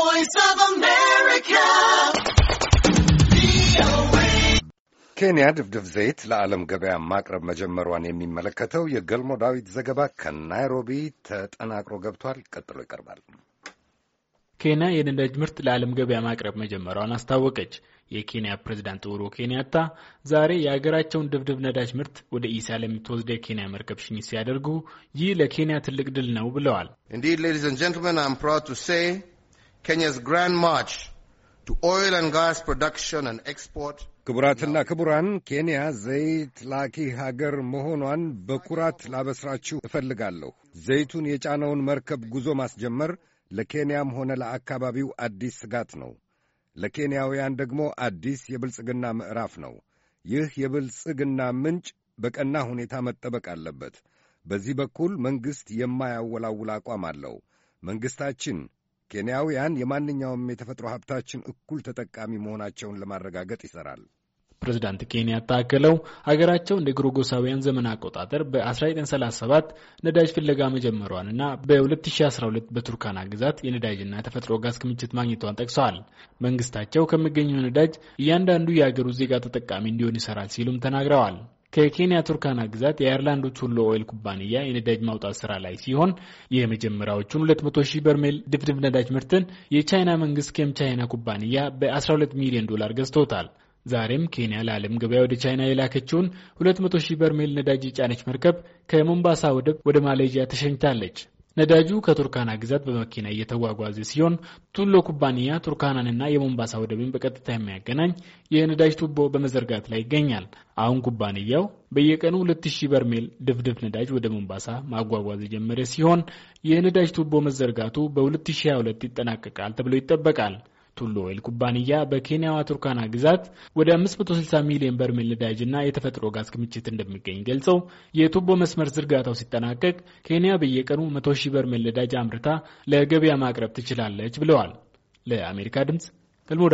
voice of America. ኬንያ ድፍድፍ ዘይት ለዓለም ገበያ ማቅረብ መጀመሯን የሚመለከተው የገልሞ ዳዊት ዘገባ ከናይሮቢ ተጠናቅሮ ገብቷል። ቀጥሎ ይቀርባል። ኬንያ የነዳጅ ምርት ለዓለም ገበያ ማቅረብ መጀመሯን አስታወቀች። የኬንያ ፕሬዝዳንት ኡሁሩ ኬንያታ ዛሬ የሀገራቸውን ድፍድፍ ነዳጅ ምርት ወደ ኢሳ ለምትወስደ የኬንያ መርከብ ሽኝት ሲያደርጉ ይህ ለኬንያ ትልቅ ድል ነው ብለዋል። Kenya's grand march to oil and gas production and export ክቡራትና ክቡራን ኬንያ ዘይት ላኪ ሀገር መሆኗን በኩራት ላበስራችሁ እፈልጋለሁ። ዘይቱን የጫነውን መርከብ ጉዞ ማስጀመር ለኬንያም ሆነ ለአካባቢው አዲስ ስጋት ነው። ለኬንያውያን ደግሞ አዲስ የብልጽግና ምዕራፍ ነው። ይህ የብልጽግና ምንጭ በቀና ሁኔታ መጠበቅ አለበት። በዚህ በኩል መንግሥት የማያወላውል አቋም አለው። መንግሥታችን ኬንያውያን የማንኛውም የተፈጥሮ ሀብታችን እኩል ተጠቃሚ መሆናቸውን ለማረጋገጥ ይሰራል። ፕሬዚዳንት ኬንያታ አክለው ሀገራቸው እንደ ግሮጎሳውያን ዘመን አቆጣጠር በ1937 ነዳጅ ፍለጋ ና በ2012 በቱርካና ግዛት የነዳጅና የተፈጥሮ ጋዝ ክምችት ማግኘቷን ጠቅሰዋል። መንግስታቸው ከሚገኘው ነዳጅ እያንዳንዱ የሀገሩ ዜጋ ተጠቃሚ እንዲሆን ይሰራል ሲሉም ተናግረዋል። ከኬንያ ቱርካና ግዛት የአይርላንዱ ቱሎ ኦይል ኩባንያ የነዳጅ ማውጣት ስራ ላይ ሲሆን የመጀመሪያዎቹን 200 ሺህ በርሜል ድፍድፍ ነዳጅ ምርትን የቻይና መንግስት ኬም ቻይና ኩባንያ በ12 ሚሊዮን ዶላር ገዝቶታል። ዛሬም ኬንያ ለዓለም ገበያ ወደ ቻይና የላከችውን 200 ሺህ በርሜል ነዳጅ የጫነች መርከብ ከሞምባሳ ወደብ ወደ ማሌዥያ ተሸኝታለች። ነዳጁ ከቱርካና ግዛት በመኪና እየተጓጓዘ ሲሆን ቱሎ ኩባንያ ቱርካናንና የሞምባሳ ወደብን በቀጥታ የሚያገናኝ የነዳጅ ቱቦ በመዘርጋት ላይ ይገኛል። አሁን ኩባንያው በየቀኑ 2000 በርሜል ድፍድፍ ነዳጅ ወደ ሞምባሳ ማጓጓዝ የጀመረ ሲሆን የነዳጅ ቱቦ መዘርጋቱ በ2022 ይጠናቀቃል ተብሎ ይጠበቃል። ቱሎ ኦይል ኩባንያ በኬንያዋ ቱርካና ግዛት ወደ 560 ሚሊዮን በርሜል ነዳጅና የተፈጥሮ ጋዝ ክምችት እንደሚገኝ ገልጸው የቱቦ መስመር ዝርጋታው ሲጠናቀቅ ኬንያ በየቀኑ 100 ሺህ በርሜል ነዳጅ አምርታ ለገበያ ማቅረብ ትችላለች ብለዋል። ለአሜሪካ ድምፅ ገልሞ